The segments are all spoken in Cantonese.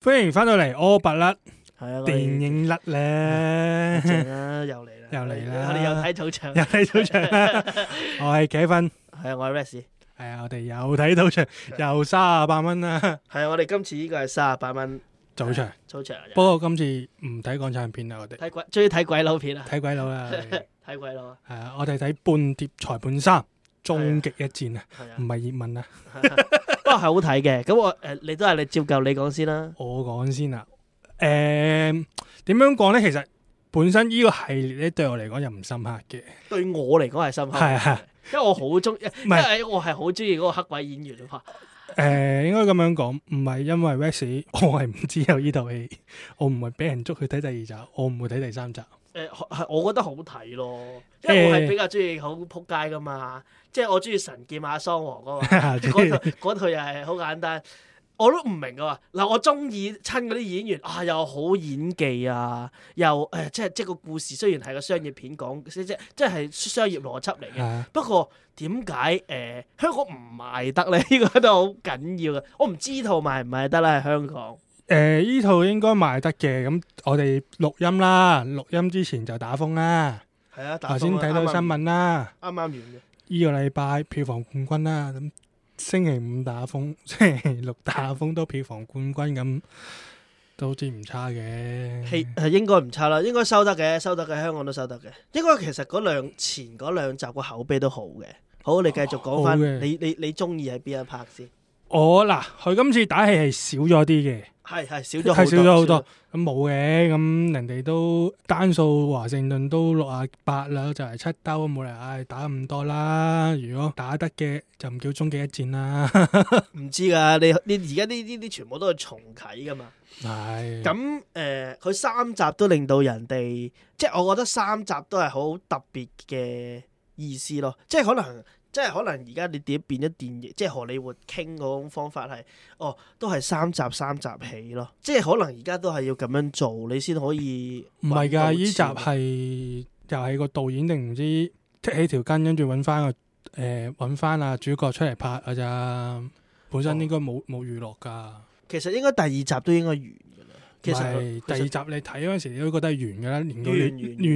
歡迎翻到嚟，阿伯甩係啊，電影甩咧，正啦，又嚟啦，又嚟啦，我哋又睇早場，又睇早場。我係茄瞓，係啊，我係 Rex，係啊，我哋又睇早場，又三啊八蚊啦。係啊，我哋今次呢個係三啊八蚊早場，早場。不過今次唔睇港產片啊，我哋睇鬼，中意睇鬼佬片啊，睇鬼佬啦，睇鬼佬。係啊，我哋睇《叛諜裁判3》。終極一戰啊，唔係葉問啊， 啊，不過係好睇嘅。咁我誒、呃，你都係你照舊你講先啦。我講先啦。誒、呃，點樣講咧？其實本身呢個系列咧，對我嚟講又唔深刻嘅。對我嚟講係深刻，係係、啊，啊、因為我好中意，是因為我係好中意嗰個黑鬼演員啊。誒、呃， 應該咁樣講，唔係因為華氏，我係唔知有呢套戲，我唔係俾人捉去睇第二集，我唔會睇第三集。誒，我覺得好睇咯，因為我係比較中意好撲街噶嘛，嗯、即係我中意神劍馬桑王啊嗰套套又係好簡單，我都唔明啊！嗱，我中意親嗰啲演員啊，又好演技啊又，又、哎、誒，即係即係個故事雖然係個商業片講即，即即即係商業邏輯嚟嘅，不過點解誒香港唔賣得呢？呢 個都好緊要嘅，我唔知道賣唔賣得啦，喺香港。誒，呢套應該賣得嘅，咁我哋錄音啦，錄音之前就打風啦，係啊，打風，頭先睇到新聞啦。啱啱完嘅，呢個禮拜票房冠軍啦，咁星期五打風，星期六打風都票房冠軍咁，都好似唔差嘅，係係應該唔差啦，應該收得嘅，收得嘅，香港都收得嘅，應該其實嗰兩前兩集個口碑都好嘅，好，你繼續講翻、哦，你你你中意喺邊一拍先？我嗱，佢今次打戲係少咗啲嘅。係係少咗，係少咗好多。咁冇嘅，咁、啊、人哋都丹素華盛頓都六啊八啦，就嚟七兜，冇理由唉，打咁多啦。如果打得嘅就唔叫終極一戰啦。唔 知噶，你你而家呢呢啲全部都係重啟噶嘛？係的。咁誒，佢、呃、三集都令到人哋，即係我覺得三集都係好特別嘅意思咯，即係可能。即係可能而家你點變咗電影，即係荷里活傾嗰種方法係，哦，都係三集三集起咯。即係可能而家都係要咁樣做，你先可以。唔係噶，依集係又係個導演定唔知踢起條筋，跟住揾翻個誒揾翻啊主角出嚟拍啊咋。本身應該冇冇娛樂噶。其實應該第二集都應該完噶啦。是其實第二集你睇嗰陣時，你都覺得係完噶啦。連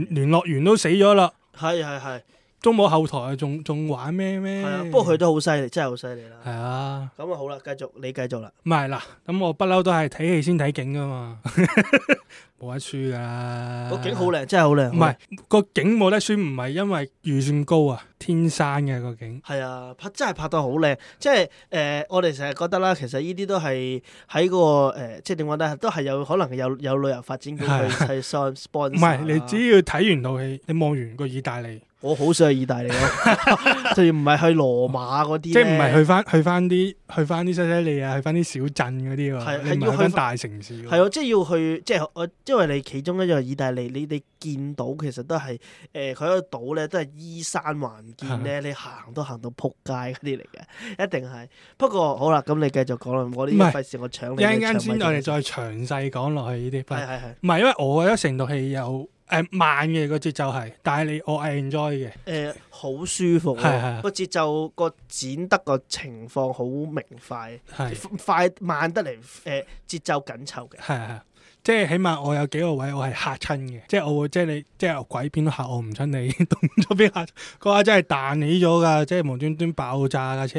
聯絡員都死咗啦。係係係。中冇後台仲仲玩咩咩？係啊，不過佢都好犀利，真係好犀利啦。係啊，咁啊好啦，繼續你繼續啦。唔係嗱，咁我不嬲都係睇戲先睇景㗎嘛。 冇得輸噶，個景好靚，真係好靚。唔係個景冇得輸，唔係因為預算高啊，天生嘅個景。係啊，拍真係拍得好靚，即係誒、呃，我哋成日覺得啦，其實呢啲都係喺嗰個誒、呃，即係點講咧，都係有可能有有旅遊發展佢去去 sponsor。唔係、啊，你只要睇完套戲，你望完個意大利，我好想去意大利咯，就唔係去羅馬嗰啲，即係唔係去翻去翻啲去翻啲西西里啊，去翻啲小鎮嗰啲啊，係係要去大城市，係咯、啊啊，即係要去，即係我。因為你其中一樣意大利，你你見到其實都係誒，佢一個島咧都係依山環建咧，你行都行到撲街嗰啲嚟嘅，一定係。不過好啦，咁你繼續講啦，我呢啲費事我搶你。一陣間先我哋再詳細講落去呢啲。係係係。唔係因為我覺得成度戲有誒慢嘅個節奏係，但係你我係 enjoy 嘅。誒，好舒服。係係。個節奏個剪得個情況好明快，快慢得嚟誒節奏緊湊嘅。係係。即係起碼我有幾個位我係嚇親嘅，即係我會即係你即係鬼片都嚇我唔親你，動作片嚇，嗰下真係彈起咗噶，即係無端端爆炸噶車。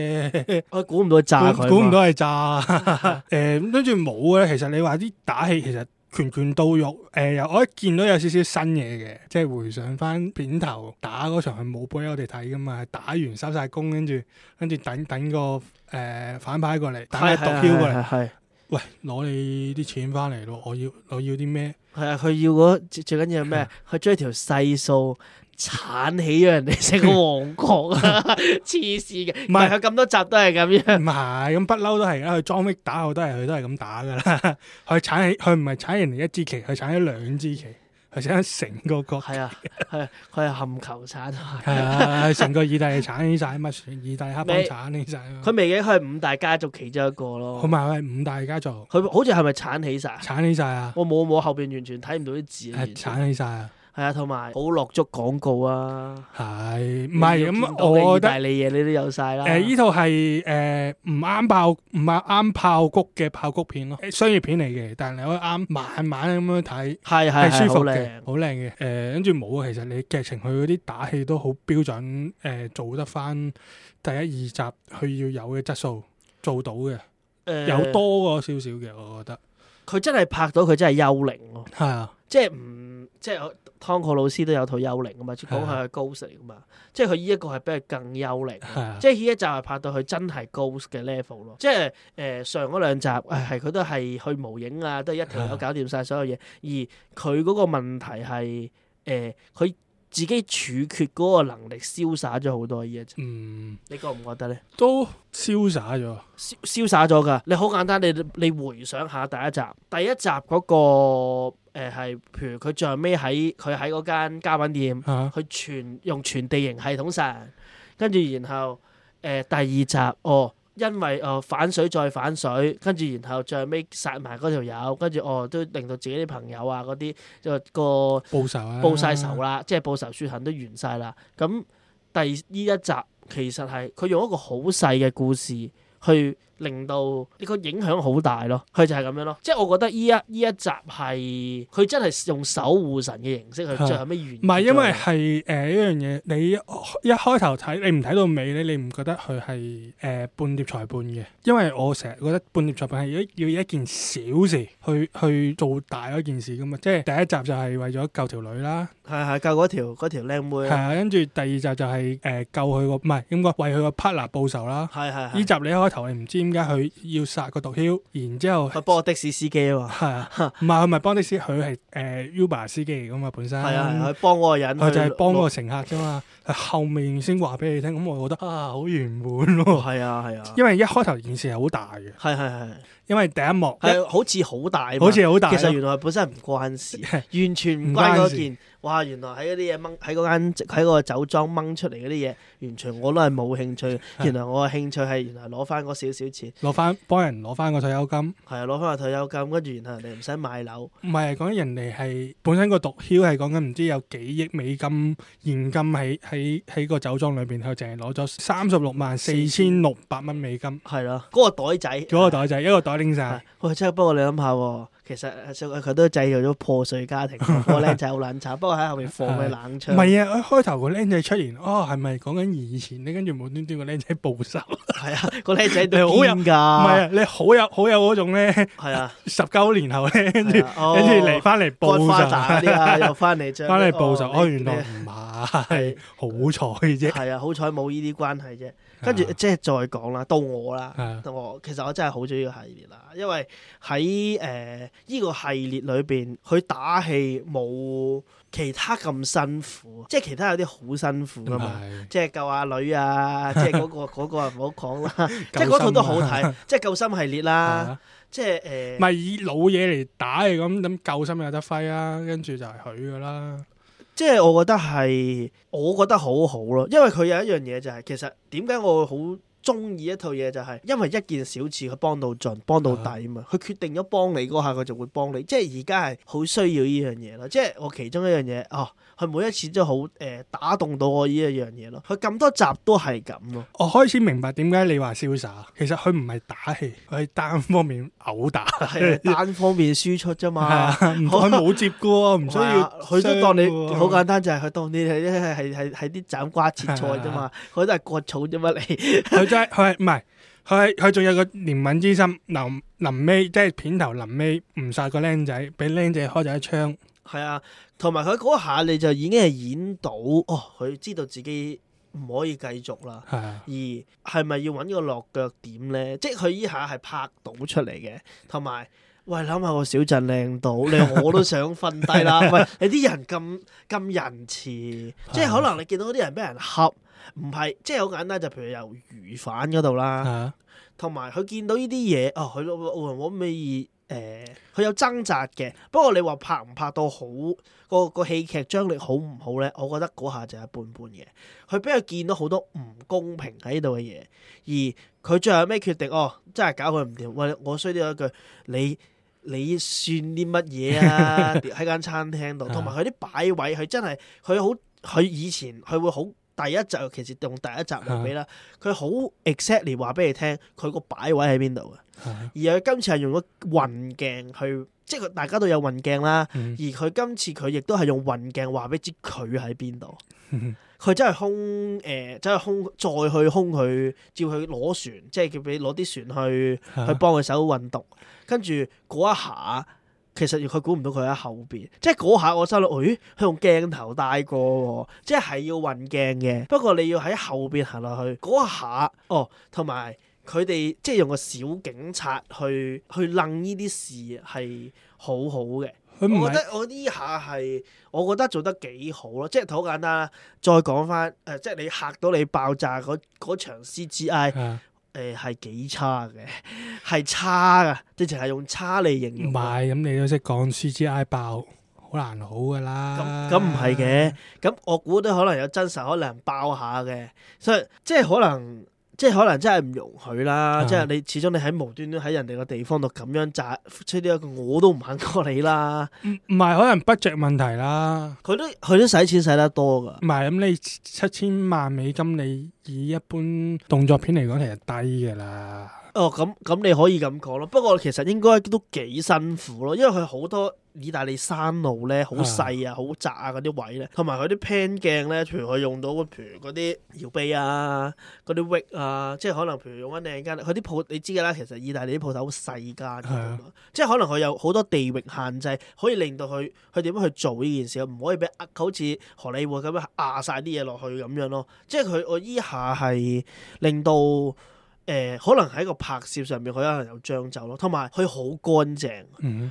我估唔到炸估唔到係炸。吧誒，跟住冇咧，其實你話啲打戲其實拳拳到肉。誒，我一見到有少少新嘢嘅，即係回想翻片頭打嗰場係冇俾我哋睇噶嘛，打完收晒工，跟住跟住等等個誒、呃、反派過嚟等個毒鏢過嚟。喂，攞你啲錢翻嚟咯！我要我要啲咩？係啊，佢要嗰最最緊要係咩？佢將的條細數剷起咗人哋成個王國啊！黐線嘅，唔係，佢咁多集都係咁樣。唔係，咁不嬲都係啦。佢裝逼打，我都係佢都係咁打㗎啦。佢 剷起，佢唔係剷人哋一支旗，佢剷咗兩支旗。佢整得成個國，係啊，係，佢係含球鏟，係啊，成 個意大利鏟起曬啊嘛， 全意大利黑幫鏟起曬。佢未嘅，佢係五大家族其中一個咯。好嘛，係五大家族。佢好似係咪鏟起曬了、呃？鏟起晒啊！我冇，我後邊完全睇唔到啲字。係鏟起晒啊！係啊，同埋好落足廣告啊，係唔係咁？我覺得意大利嘢你都有晒啦。誒，依套係誒唔啱爆，唔係啱爆谷嘅爆谷片咯，商業片嚟嘅。但係你可以啱慢慢咁樣睇，係係係，好靚，好靚嘅。誒，跟住冇其實你劇情佢嗰啲打戲都好標準，誒，做得翻第一二集佢要有嘅質素做到嘅，誒，有多過少少嘅，我覺得。佢真係拍到佢真係幽靈咯，係啊，啊 嗯、即係唔即係。康科老師都有套幽靈啊嘛，講係 ghost 嚟噶嘛，啊、即係佢依一個係比佢更幽靈、啊即，即係呢、呃、一集係拍到佢真係 ghost 嘅 level 咯，即係上嗰兩集係佢都係去模影啊，都一條友搞掂晒所有嘢，啊、而佢嗰個問題係誒佢。呃自己處決嗰個能力瀟灑咗好多嘢。嗯，你覺唔覺得呢？都瀟灑咗，瀟瀟灑咗㗎。你好簡單，你你回想下第一集，第一集嗰、嗰個誒係、呃，譬如佢最後尾喺佢喺嗰間家品店，佢全、啊、用全地形系統曬，跟住然後誒、呃、第二集哦。因為哦、呃、反水再反水，跟住然後最後尾殺埋嗰條友，跟住哦都令到自己啲朋友啊嗰啲就個報仇、啊、報晒仇啦，即係報仇雪恨都完晒啦。咁第呢一集其實係佢用一個好細嘅故事去。令到你個影響好大咯，佢就係咁樣咯。即係我覺得依一依一集係佢真係用守護神嘅形式去最後咩完？唔係，因為係誒、呃、一樣嘢，你一開頭睇你唔睇到尾咧，你唔覺得佢係誒叛諜裁判嘅？因為我成日覺得叛諜裁判係要要一件小事去去做大嗰件事㗎嘛。即、就、係、是、第一集就係為咗救，女救條，條女啦，係係救嗰條嗰條靚妹，係啊，跟住第二集就係、是、誒、呃、救佢個唔係點講為佢個 partner 報仇啦，係係。呢集你一開頭你唔知。而家佢要殺個毒梟，然之後佢幫個的士司機啊嘛，唔係佢唔係幫的士，佢係誒 Uber 司機嚟噶嘛本身，係啊，佢幫嗰個人，佢就係幫嗰個乘客啫嘛。係後面先話俾你聽，咁我覺得啊好圓滿咯。係啊係啊，啊啊因為一開頭件事係好大嘅。係係係，因為第一幕係好似好大，好似好大、啊。其實原來本身唔關事， 完全唔關嗰件。哇！原來喺嗰啲嘢掹喺嗰間喺個酒莊掹出嚟嗰啲嘢，完全我都係冇興趣。是原來我嘅興趣係原來攞翻嗰少少錢，攞翻幫人攞翻個退休金。係啊，攞翻個退休金，跟住然後人哋唔使買樓。唔係講緊人哋係本身個毒梟係講緊唔知有幾億美金現金喺。喺喺個酒莊裏邊，佢凈係攞咗三十六萬四千六百蚊美金。係咯，嗰、嗰個袋仔，嗰個袋仔，一個袋拎晒的。喂，真係，不過你諗下喎。其實佢都製造咗破碎家庭。個靚仔好卵慘，不過喺後面放佢冷槍。唔係啊，一開頭個靚仔出現，哦，係咪講緊以前你跟住無端端個靚仔報仇。係啊，個靚仔好有噶。唔係啊，你好有好有嗰種咧。係啊，十九年後咧，跟住跟住嚟翻嚟報仇。誇啲啊，又翻嚟。翻嚟報仇，哦，原來唔係，好彩啫。係啊，好彩冇呢啲關係啫。啊、跟住即係再講啦，到我啦，同、啊、我其實我真係好中意個系列啦，因為喺誒呢個系列裏邊，佢打戲冇其他咁辛苦，即係其他有啲好辛苦噶嘛，是是即係救阿、啊、女啊， 即係嗰、嗰個嗰 個唔好講啦，即係嗰套都好睇， 即係救心系列啦，啊、即係誒，唔、呃、係以老嘢嚟打咁，咁救心有得揮啊，跟住就係佢噶啦。即係我覺得係，我覺得好好咯，因為佢有一樣嘢就係，其實點解我會好中意一套嘢就係，因為一件小事佢幫到盡，幫到底啊嘛，佢決定咗幫你嗰下，佢就會幫你，即係而家係好需要呢樣嘢咯，即係我其中一樣嘢哦。啊佢每一次都好誒、呃、打動到我呢一樣嘢咯，佢咁多集都係咁咯。我開始明白點解你話瀟灑，其實佢唔係打戲，佢係單方面毆打，係 單方面輸出啫嘛。佢冇 接嘅喎，唔需要，佢 都當你好 簡單，就係、是、佢當你係係係啲斬瓜切菜啫嘛，佢都係割草啫嘛你。佢真係佢唔係佢佢仲有個憐憫之心。臨臨尾即係片頭臨尾唔殺個僆仔，俾僆仔開咗一槍。係啊，同埋佢嗰下你就已經係演到哦，佢知道自己唔可以繼續啦。啊、而係咪要揾個落腳點咧？即係佢依下係拍到出嚟嘅，同埋喂，諗下個小鎮靚到你我都想瞓低啦。 喂，你啲人咁咁 仁慈，啊、即係可能你見到啲人俾人恰，唔係即係好簡單，就係、譬如由漁販嗰度啦。同埋佢見到呢啲嘢，哦，佢奧運王美儀。哦哦誒，佢、嗯、有掙扎嘅，不過你話拍唔拍到好，個個戲劇張力好唔好咧？我覺得嗰下就一般般嘅。佢俾佢見到好多唔公平喺度嘅嘢，而佢最後有咩決定哦，真係搞佢唔掂。喂，我我衰啲一句，你你算啲乜嘢啊？喺間餐廳度，同埋佢啲擺位，佢真係佢好，佢以前佢會好。第一集其實用第一集嚟比啦，佢好的 exactly 話俾你聽佢個擺位喺邊度嘅，的而佢今次係用咗運鏡去，即係大家都有運鏡啦。嗯、而佢今次佢亦都係用運鏡話俾你知佢喺邊度，佢、嗯、真係空誒、呃，真係空再去空佢照佢攞船，即係叫你攞啲船去去幫佢手運動，跟住嗰一下。其實佢估唔到佢喺後邊，即係嗰下我收到，誒、哎，佢用鏡頭帶過，即係要運鏡嘅。不過你要喺後邊行落去嗰下，哦，同埋佢哋即係用個小警察去去楞呢啲事係好好嘅。不我覺得我呢下係我覺得做得幾好咯，即係好簡單啦。再講翻，誒，即係你嚇到你爆炸嗰嗰場 CGI。誒，係、欸、幾差嘅，係差噶，直情係用差嚟形容。唔係，咁你都識講 CGI 爆，好難好噶啦。咁唔係嘅，咁、嗯嗯嗯嗯、我估都可能有真實可能爆下嘅，所以即係可能。即係可能真係唔容許啦，嗯、即係你始終你喺無端端喺人哋個地方度咁樣炸出呢一個，我都唔肯過你啦。唔唔係可能 budget 問題啦，佢都佢都使錢使得多㗎。唔係咁你七千萬美金你以一般動作片嚟講，其實低㗎啦。哦咁咁你可以咁講咯，不過其實應該都幾辛苦咯，因為佢好多。意大利山路咧，好細啊，好窄啊，嗰啲位咧，同埋佢啲 pan 鏡咧，譬如佢用到譬如嗰啲搖臂啊，嗰啲域啊，即係可能譬如用翻另一間，佢啲鋪你知㗎啦，其實意大利啲鋪頭好細間、啊、嘅，是啊、即係可能佢有好多地域限制，可以令到佢佢點樣去做呢件事，唔可以俾壓，好似荷里活咁樣壓晒啲嘢落去咁樣咯。即係佢我依下係令到。誒、呃、可能喺個拍攝上面，佢可能有將就咯，同埋佢好乾淨，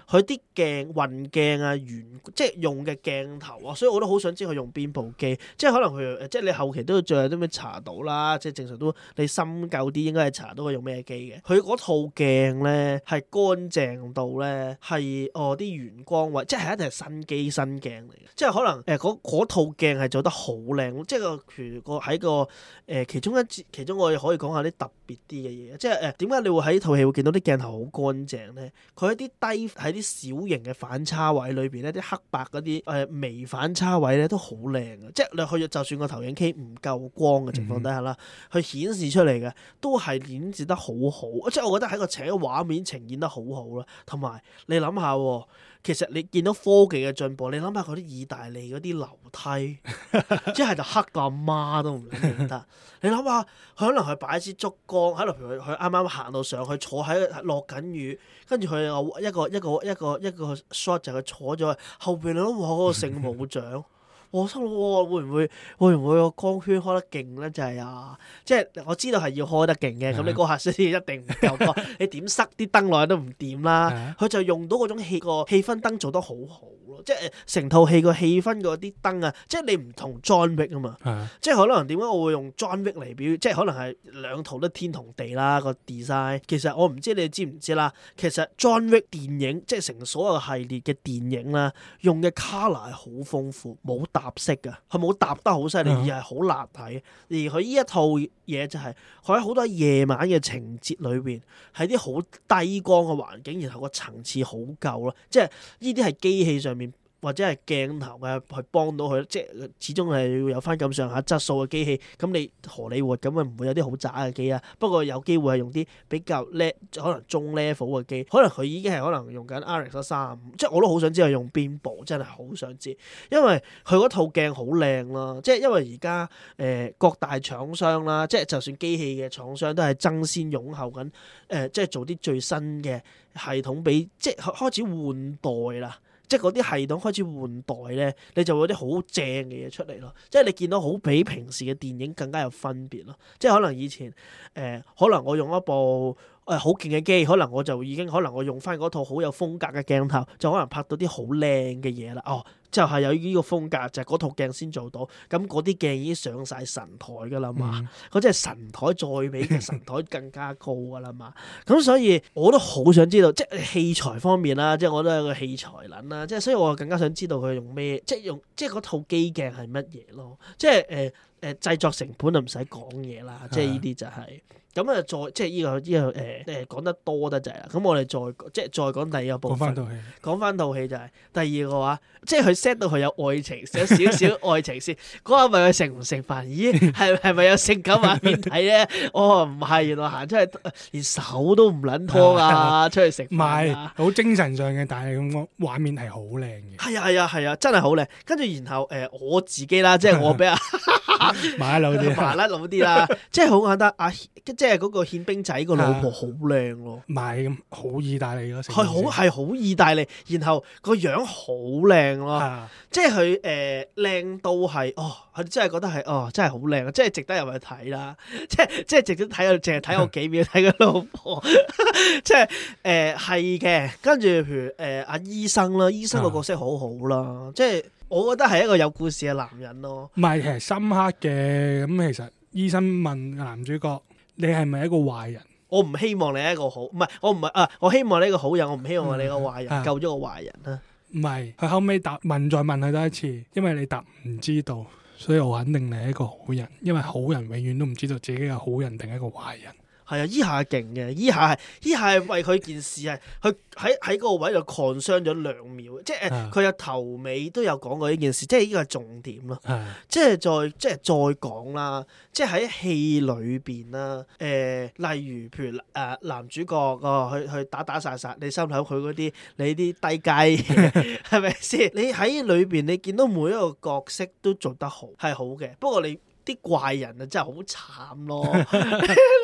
佢啲、嗯、鏡運鏡啊，原即係用嘅鏡頭啊，所以我都好想知佢用邊部機，即係可能佢即係你後期都仲有都咩查到啦，即係正常都你深究啲應該係查到佢用咩機嘅。佢嗰套鏡咧係乾淨到咧係哦啲原光位即係一定係新機新鏡嚟嘅，即係可能誒嗰、呃、套鏡係做得好靚，即係個全個喺個誒其中一其中我哋可以講下啲特別。啲嘅嘢，即係誒點解你會喺套戲會見到啲鏡頭好乾淨咧？佢一啲低喺啲小型嘅反差位裏邊咧，啲黑白嗰啲誒微反差位咧都好靚嘅，即係你去就算個投影機唔夠光嘅情況底下啦，佢、嗯、顯示出嚟嘅都係顯示得好好，即係我覺得喺個整個畫面呈現得好好啦。同埋你諗下、喎。其實你見到科技嘅進步，你諗下嗰啲意大利嗰啲樓梯， 即係就黑到阿媽都唔認得。 你諗下，佢可能佢擺支燭光，可能佢佢啱啱行到上去，坐喺落緊雨，跟住佢又一個一個一個一個 shot 就佢坐咗後邊下，嗰、嗰個聖母像。 我心諗會唔會會唔會個光圈開得勁咧？就係、是、啊，即係我知道係要開得勁嘅。咁、uh huh. 你嗰下先一定唔夠光， 你點塞啲燈落去都唔掂啦。佢、uh huh. 就用到嗰種氣個氣氛燈做得好好咯。即係成套戲個氣氛嗰啲燈啊，即係你唔同 John Wick 啊嘛。Uh huh. 即係可能點解我會用 John Wick 嚟表？即係可能係兩套得天同地啦個 design。其實我唔知你知唔知啦。其實 John Wick 電影即係成所有系列嘅電影啦，用嘅 color 係好豐富，冇突。合色嘅，佢冇搭得好犀利，而係好立體，而佢依一套嘢就係佢，喺好多夜晚嘅情節裏邊，喺啲好低光嘅環境，然後個層次好夠咯。即係呢啲係機器上面。或者係鏡頭啊，去幫到佢，即係始終係要有翻咁上下質素嘅機器。咁你荷里活咁啊？唔會有啲好渣嘅機啊。不過有機會係用啲比較叻，可能中 level 嘅機，可能佢已經係可能用緊 Alex 三十五。35，即我都好想知佢用邊部，真係好想知，因為佢嗰套鏡好靚咯。即係因為而家誒各大廠商啦，即係就算機器嘅廠商都係爭先擁後緊誒，即係做啲最新嘅系統俾，即係開始換代啦。即嗰啲系統開始換代咧，你就會有啲好正嘅嘢出嚟咯。即你見到好比平時嘅電影更加有分別咯。即可能以前誒、呃，可能我用一部。誒，好勁嘅機，可能我就已經可能我用翻嗰套好有風格嘅鏡頭，就可能拍到啲好靚嘅嘢啦。哦，就係、是、有呢個風格，就係、是、嗰套鏡先做到。咁嗰啲鏡已經上晒神台噶啦嘛，嗰隻、嗯、神台再比嘅神台更加高噶啦嘛。咁 所以我都好想知道，即係器材方面啦，即係我都有個器材撚啦。即係所以我更加想知道佢用咩，即係用即係嗰套機鏡係乜嘢咯。即係誒誒，製、呃呃、作成本就唔使講嘢啦。即係呢啲就係、是。嗯咁啊，就再即係呢、這個呢、這個誒誒講得多得滯啦。咁我哋再即係再講第二個部分，講翻套戲。講翻套戲就係、是、第二個話，即係佢 set 到佢有愛情，有少少愛情先。嗰下問佢食唔食飯？咦，係係咪有性感畫面睇咧？ 哦，唔係，原來行出去，連手都唔捻拖啊， 出去食、啊。唔係，好精神上嘅，但係咁樣畫面係好靚嘅。係啊係啊係啊，真係好靚。跟住然後誒、呃，我自己啦，即係我俾啊。 啊、買、 啊就是、老啲、啊，買老啲啦，即係好簡單啊，即係嗰個憲兵仔個老婆好靚咯，咁好意大利咯，係好係好意大利，然後個樣好靚咯，啊、即係佢誒靚到係哦，佢真係覺得係哦，真係好靚啊，即係值得入去睇啦，即係即係值得睇啊，淨係睇我幾秒睇個、嗯、老婆， 即係誒係嘅，跟、呃、住譬如誒阿醫生啦，醫生個角色好好啦，即係、啊。啊我覺得係一個有故事嘅男人咯，唔係其實深刻嘅。咁其實醫生問男主角：你係咪一個壞人？我唔希望你係一個好，唔係我唔係啊！我希望你一個好人，我唔希望你一個壞人、嗯、救咗個壞人啦。唔係佢後尾答問，再問佢多一次，因為你答唔知道，所以我肯定你係一個好人。因為好人永遠都唔知道自己係好人定係一個壞人。係啊，依下勁嘅，依下係依下係為佢件事係佢喺喺嗰個位度擴傷咗兩秒，即係誒佢有頭尾都有講過呢件事，即係呢個係重點咯，啊。即係再即係再講啦，即係喺戲裏邊啦，誒、呃、例如譬如誒、呃、男主角個佢佢打打殺殺，你心諗佢嗰啲你啲低雞係咪先？你喺裏邊你見到每一個角色都做得好係好嘅，不過你啲怪人啊真係好慘咯。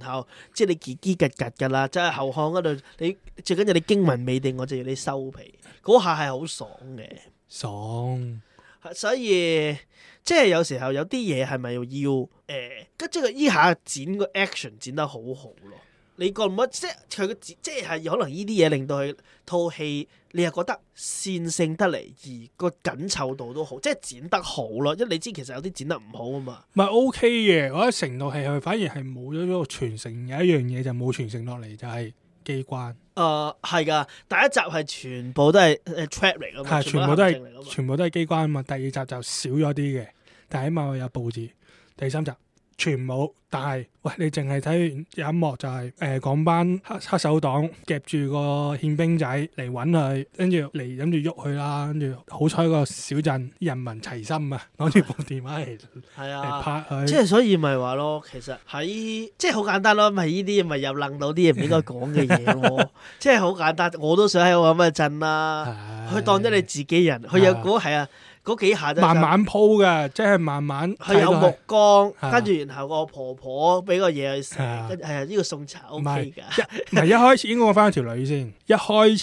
然後即係你嘰嘰吉吉噶啦，即係後巷嗰度，你最緊要你驚魂未定，我就要你收皮，嗰下係好爽嘅，爽，所以即係有時候有啲嘢係咪要誒、呃，即係呢下剪個 action 剪得好好咯。你覺唔覺得即係佢嘅字，即係可能呢啲嘢令到佢套戲，你係覺得線性得嚟，而個緊湊度都好，即係剪得好咯。因為你知其實有啲剪得唔好啊嘛。唔係 OK 嘅，我喺成套戲佢反而係冇咗一個傳承，有一樣嘢就冇傳承落嚟就係、是、機關。誒係噶，第一集係全部都係誒 trap 嚟嘅，係全部都係全部都係機關啊嘛。第二集就少咗啲嘅，但係起碼我有佈置。第三集。全冇，但係喂，你淨係睇完音樂就係誒講班黑黑手黨夾住個憲兵仔嚟揾佢，跟住嚟諗住喐佢啦，跟住好彩個小鎮人民齊心啊，攞住部電話嚟係啊拍佢。 即係所以咪話咯，其實喺即係好簡單咯，咪呢啲咪又諗到啲唔應該講嘅嘢喎。是啊、 即係好簡單，我都想喺我咁嘅鎮啦、啊，佢、啊、當咗你自己人，佢有個係啊。嗰幾下就慢慢鋪嘅，即係慢慢。佢有目光，啊、跟住然後個婆婆俾個嘢佢食，啊、跟住係啊呢個送茶 OK 嘅。唔一唔一開始應該我翻咗條女先，一開始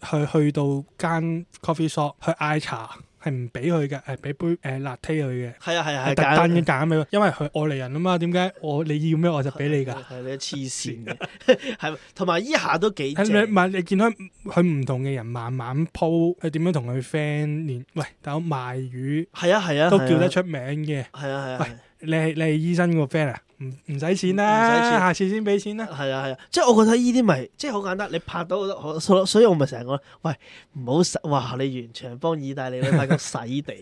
去去到間 coffee shop 去嗌茶。係唔俾佢嘅，係俾杯誒 latte 佢嘅。係啊係啊係特登嘅，揀佢，因為佢外來人啊嘛。點解我你要咩我就俾你噶？係你痴線嘅，係同埋依下都幾。係你慢，你見到佢唔同嘅人慢慢鋪，佢點樣同佢 friend 連喂，大佬賣魚係啊係啊，都叫得出名嘅。係啊係啊，喂，你係你係醫生個 friend 啊？唔唔使錢啦，唔使錢下次先俾錢啦。係啊係啊，啊，即係我覺得呢啲咪即係好簡單。你拍到，所以所以我咪成日講，喂唔好哇！你完全幫意大利佬拍個洗地，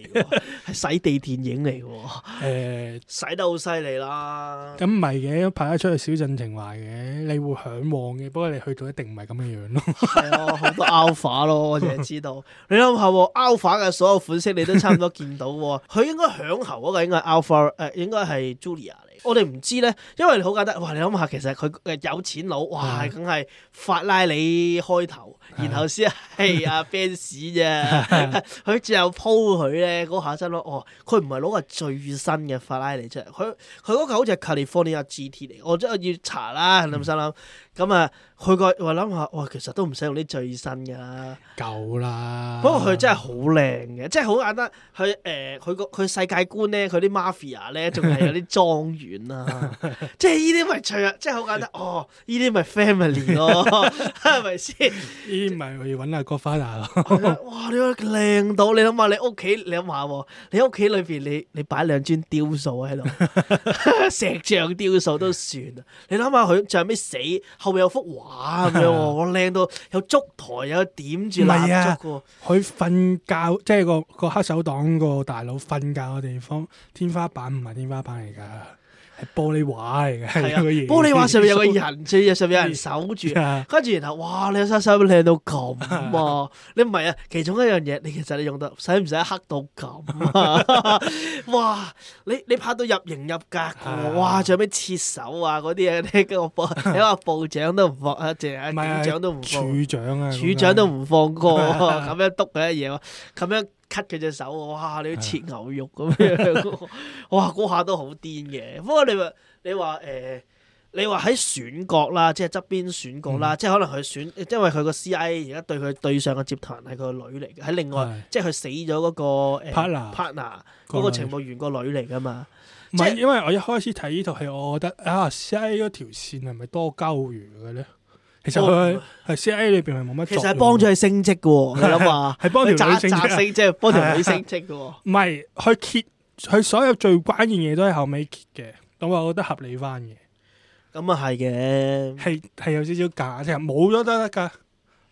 係 洗地電影嚟嘅。誒、欸，洗得好犀利啦！咁唔係嘅，拍得出係小鎮情懷嘅，你會向往嘅。不過你去到一定唔係咁嘅樣咯。係 啊，好多 Alpha 咯，我淨係知道。 你諗下，Alpha 嘅所有款式你都差唔多見到。佢 應該響喉嗰個應該係 Alpha，誒應該係 Julia。我哋唔知咧，因為好簡單。哇！你諗下，其實佢誒有錢佬，哇，梗係法拉利開頭，然後先係、 哎、啊 Benz 啫。佢只有鋪佢咧嗰下真咯。哦，佢唔係攞個最新嘅法拉利出嚟，佢佢嗰個好似係 California GT 嚟。我即係要查啦，諗深諗。嗯咁啊，佢個我諗下，哇，其實都唔使用啲最新噶啦，夠啦了。不過佢真係好靚嘅，即係好簡單。佢誒，佢個佢世界觀咧，佢啲 mafia 咧，仲係有啲莊園啊， 即係呢啲咪除啊，即係好簡單。哦，呢啲咪 family 咯、啊，係咪先？呢啲咪去搵阿哥花牙咯。 哇，你話靚到你諗下，你屋企你諗下，你屋企裏邊你想想你擺兩尊雕塑喺度， 石像雕塑都算。你諗下佢最後尾死。後面有幅畫咁樣，我靚到有燭台，有點住蠟燭。佢瞓、啊、覺，即係個個黑手黨個大佬瞓覺嘅地方，天花板唔係天花板嚟㗎。玻璃畫嚟嘅，啊、 玻璃畫上面有個人，即上面有人守住，跟住 是、啊、然後哇，你有雙手靚到咁啊！你唔係啊，其中一樣嘢，你其實你用得使唔使黑到咁啊 哇入入？哇！你你拍到入型入格，哇！仲有咩切手啊？嗰啲嘢咧個部，一個、 啊、部長都唔放啊，謝啊，警長都唔放，處長啊，處長都唔放過，咁 樣督佢一、啊、樣，咁樣。cut 佢隻手，哇！你要切牛肉咁樣，是的 哇！嗰下都好癲嘅。不過你話，你話誒、呃，你話喺選角啦，即係側邊選角啦，嗯、即係可能佢選，因為佢個 CIA 而家對佢對上嘅接頭人係佢個女嚟嘅，喺另外，的即係佢死咗嗰、那個、呃、partner partner 嗰個情務員女個女嚟㗎嘛？唔係、就是，因為我一開始睇呢套戲，我覺得啊，CIA 嗰條線係咪多鳩餘嘅咧？其實佢係 CIA 裏邊係冇乜，其實係幫咗佢升職嘅，係諗話係幫條女升，即係幫條女升職嘅。唔 係， 佢揭佢所有最關鍵嘢，都係後尾揭嘅，咁我覺得合理翻嘅。咁啊係嘅，係係有少少假啫，就是，冇咗都得得噶，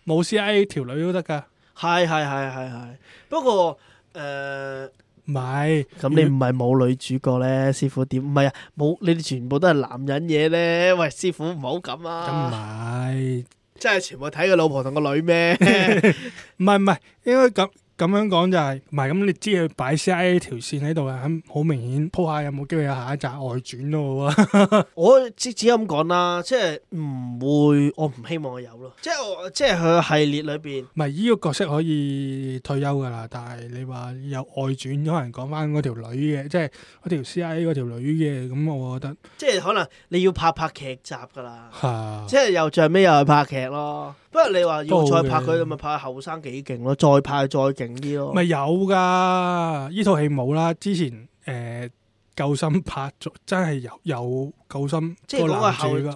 冇 CIA 條女都得噶。係係係係係，不過誒。唔係，咁你唔係冇女主角咧，師傅點？唔係啊，冇你哋全部都係男人嘢咧。喂，師傅唔好咁啊！咁唔係，即係全部睇個老婆同個女咩？唔係唔係，應該咁。咁樣講就係、是，唔係咁你知佢擺 CIA 條線喺度呀，好明顯鋪下有冇機會有下一集外傳咯、啊。 我只只有咁講啦，即係唔會，我唔希望我有咯。即係即係佢系列裏邊，唔係呢個角色可以退休噶啦，但係你話有外傳，可能講翻嗰條女嘅，即係嗰條 CIA 嗰條女嘅，咁我覺得，即係可能你要拍拍劇集噶啦， 即係又最尾又去拍劇咯。不過你話要再拍佢，咪拍後生幾勁咯，再拍再勁啲咯。咪有噶？呢套戲冇啦，之前誒。呃夠心拍咗，真係有有夠心。即係講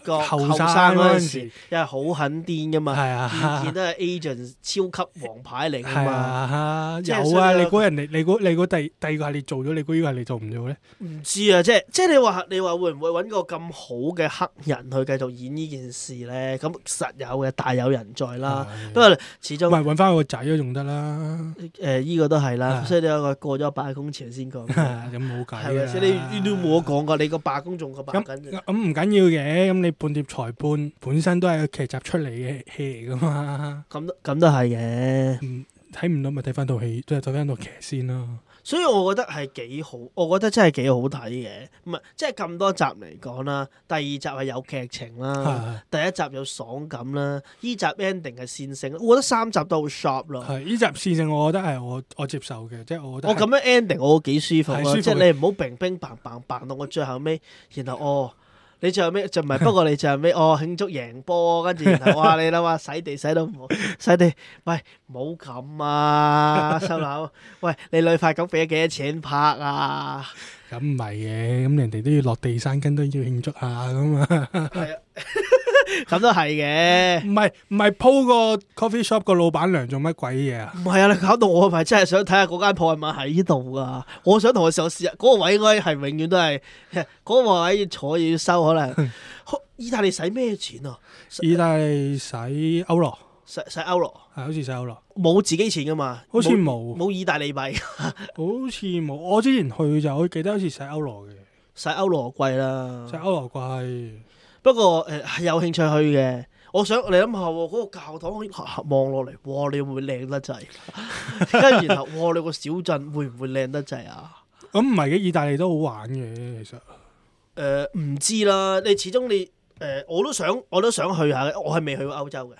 個後生嗰陣時，因為好狠癲噶嘛。以前都係 agent 超級王牌嚟噶嘛。有啊，你估人你你估你估第第二個係你做咗，你估依個你做唔做咧？唔知啊，即係即係你話你話會唔會揾個咁好嘅黑人去繼續演呢件事咧？咁實有嘅大有人在啦。不過始終唔係揾翻個仔都仲得啦。誒，依個都係啦，所以你有個過咗八公尺先講。咁冇計啊。呢啲都冇我講噶，你個罷工仲個罷工，咁唔緊要嘅，咁、嗯嗯嗯、你叛諜裁判本身都係個劇集出嚟嘅戲嚟噶嘛，咁咁、嗯嗯、都係嘅，睇唔到咪睇翻套戲，都係睇翻套劇先囉。所以，我覺得係幾好，我覺得真係幾好睇嘅。唔係，即係咁多集嚟講啦，第二集係有劇情啦，第一集有爽感啦，依集 ending 係線性，我覺得三集都好 sharp 咯。係，依集線性我覺得係我我接受嘅，即係我覺得。我咁樣 ending 我幾舒服啊，即係你唔好砰砰砰砰砰到我最後尾，然後哦。你最後尾就唔係，不過你最後尾哦慶祝贏波，跟住然後哇你諗下洗地洗到唔好，洗地喂冇咁啊收樓，喂你女朋友俾咗幾多錢拍啊？咁唔係嘅，咁、啊嗯、人哋都要落地生根都要慶祝下啊咁 是啊。 咁都係嘅，唔係唔係鋪個 coffee shop 個老闆娘做乜鬼嘢啊？唔係 啊，你搞到我咪真係想睇下嗰間鋪係咪喺度噶？我想同佢試下，嗰、嗰個位應該係永遠都係嗰、嗰個位要坐要收可能。 意大利使咩錢啊？ 意大利使歐羅，使使歐羅係好似使歐羅，冇自己錢噶嘛？好似冇，冇意大利幣， 好似冇。我之前去就我記得好似使歐羅嘅，使歐羅貴啦，使歐羅貴。不過誒、呃、係有興趣去嘅，我想你諗下喎，嗰、哦嗰個教堂望落嚟，哇！你會唔會靚得滯？跟住 然後，哇！你個小鎮會唔會靚得滯啊？咁唔係嘅，意大利都好玩嘅，其實誒唔知啦。你始終你誒、呃、我都想我都想去下，我係未去過歐洲嘅。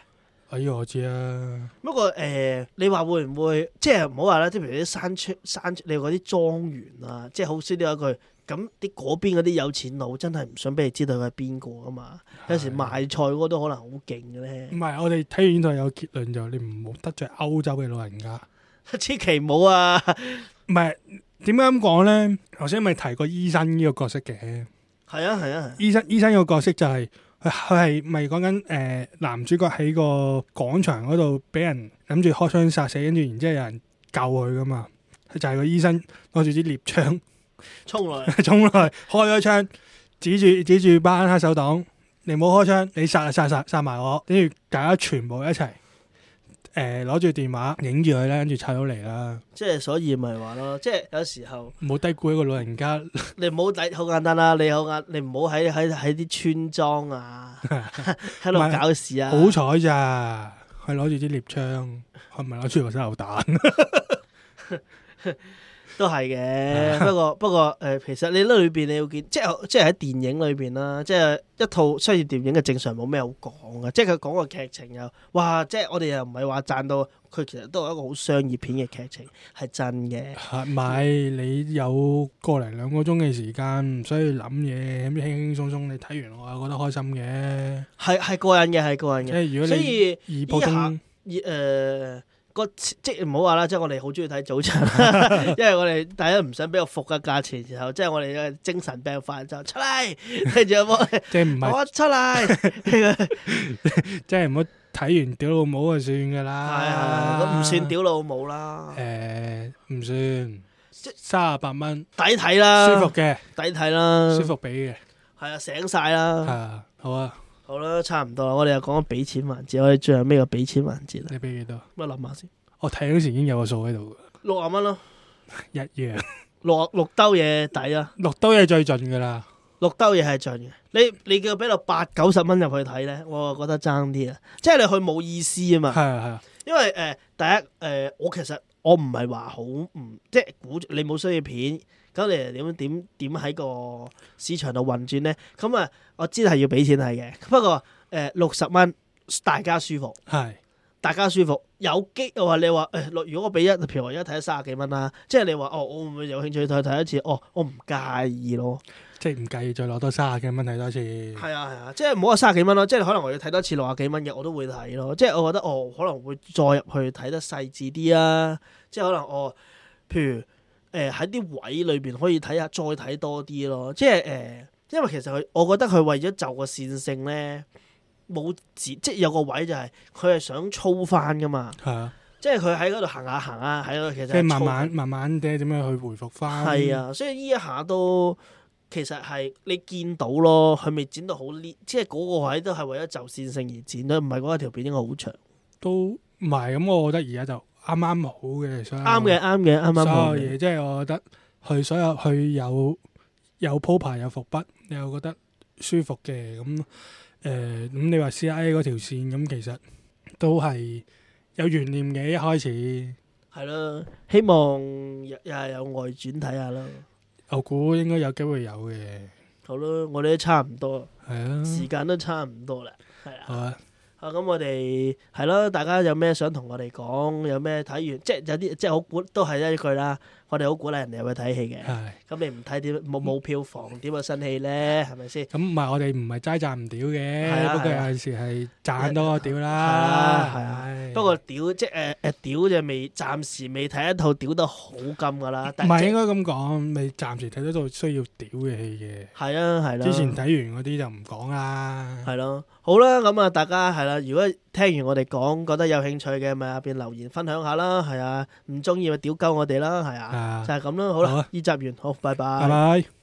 哎呀，我知啊。不過誒、呃，你話會唔會即係唔好話啦，即係譬如啲山出，山出你嗰啲莊園啊，即係好識啲有一句。咁啲嗰邊嗰啲有錢佬真係唔想俾你知道佢係邊個噶嘛？的有時賣菜個都可能好勁嘅咧。唔係，我哋睇完呢套有結論就，你唔好得罪歐洲嘅老人家。千祈唔好啊！唔係點解咁講咧？頭先咪提過醫生呢個角色嘅。係啊係啊係。醫生醫生個角色就係佢，佢係咪講緊，誒，男主角喺個廣場嗰度俾人諗住開槍殺死，跟住然之後有人救佢噶嘛？佢就係個醫生攞住支獵槍。衝來，衝來， 開咗槍指住指住班黑手黨，你唔好開槍，你殺殺殺殺埋我，跟住大家全部一齊誒，攞、呃、住電話影住佢啦，跟住拆到嚟啦。即係所以咪話咯，即係有時候唔好低估一個老人家。你唔好抵，好簡單啦、啊，你好簡，你唔好喺喺喺啲村莊啊，喺度搞事啊。好彩咋，佢攞住啲獵槍，唔係攞住個手榴彈。都係嘅， 不過不過誒，其實你裏邊你會見，即係即係喺電影裏邊啦，即係一套商業電影嘅正常冇咩好講嘅，即係佢講個劇情又，哇！即係我哋又唔係話讚到，佢其實都係一個好商業片嘅劇情係真嘅。唔係、啊，你有個零兩個鐘嘅時間，唔需要諗嘢，咁輕輕鬆鬆你睇完我又覺得開心嘅。係係過癮嘅，係過癮嘅。即係如果你以所以以下，誒、呃。個即唔好話啦，即係我哋好中意睇早場， 因為我哋大家唔想俾個服嘅價錢，然後即係我哋嘅精神病犯就出嚟，跟住有冇出？ 即唔係我我出嚟，即係唔好睇完屌老母就算㗎啦，係啊、哎，唔算屌老母啦，誒唔算，即三十八蚊抵睇啦，舒服嘅抵睇啦，舒服俾嘅，係啊醒晒啦，係好啊。好啦，差唔多啦，我哋又講緊俾錢環節，我哋最後咩個俾錢環節啊？你俾幾多？咁啊諗下先。我睇嗰時已經有個數喺度噶。六啊蚊咯，一樣。六六兜嘢抵啦。六兜嘢最盡噶啦。六兜嘢係盡嘅。你你叫佢俾到八九十蚊入去睇咧，我就覺得爭啲啦。即係你去冇意思啊嘛。係啊係啊。啊因為誒、呃，第一誒、呃，我其實我唔係話好唔即係估你冇需要片。咁你點點點喺個市場度運轉咧？咁啊，我知係要俾錢係嘅。不過誒，六十蚊大家舒服，係是大家舒服有機。我話你話誒，如果我俾一譬如我而家睇咗卅幾蚊啦，即係你話哦，我會唔會有興趣再睇一次？哦，我唔介意咯，即係唔介意再攞多卅幾蚊睇多次。係啊係啊，即係唔好話卅幾蚊咯，即係可能我要睇多次六十幾蚊嘅我都會睇咯。即係我覺得哦，可能會再入去睇得細緻啲啊。即係可能我，譬如。誒喺啲位裏邊可以睇下再睇多啲咯，即係誒，因為其實佢，我覺得佢為咗就個線性咧，冇剪即係有個位就係佢係想操翻㗎嘛，係啊，即係佢喺嗰度行下行啊，喺嗰度其實即慢慢慢慢哋點樣去回復翻，係啊，所以呢一下都其實係你見到咯，佢未剪到好呢，即係嗰個位都係為咗就線性而剪，唔係嗰條片應該好長，都唔係咁，我覺得而家就。啱啱好嘅，啱嘅，啱嘅，啱啱好嘅。所有嘢即係我覺得去所有去有有鋪排有伏筆，你又覺得舒服嘅。咁誒，咁、呃、你話 CIA 嗰條線咁，其實都係有懸念嘅。一開始係咯，希望又係有，有外傳睇下咯。我估應該有機會有嘅。好咯，我哋都差唔多。係啊的，時間都差唔多啦。係啊。啊！咁我哋係咯，大家有咩想同我哋講？有咩睇完？即係有啲即係我估，都係一句啦。我哋好鼓勵人哋入去睇戲嘅，咁你唔睇點，冇冇票房，點有新戲咧？係咪先？咁唔係我哋唔係齋賺唔屌嘅，不過有陣時係賺多個屌啦，係啊。不過屌即係誒誒屌就未暫時未睇一套屌得好金噶啦，但係唔係應該咁講，未暫時睇得到需要屌嘅戲嘅。係啊，係啦，之前睇完嗰啲就唔講啦。係咯，好啦，咁啊，大家係啦，如果。聽完我哋講，覺得有興趣嘅咪下邊留言分享下啦，係啊，唔中意咪屌鳩我哋啦，係啊，啊就係咁囉，好啦，呢、啊、集完，好，拜拜。拜拜。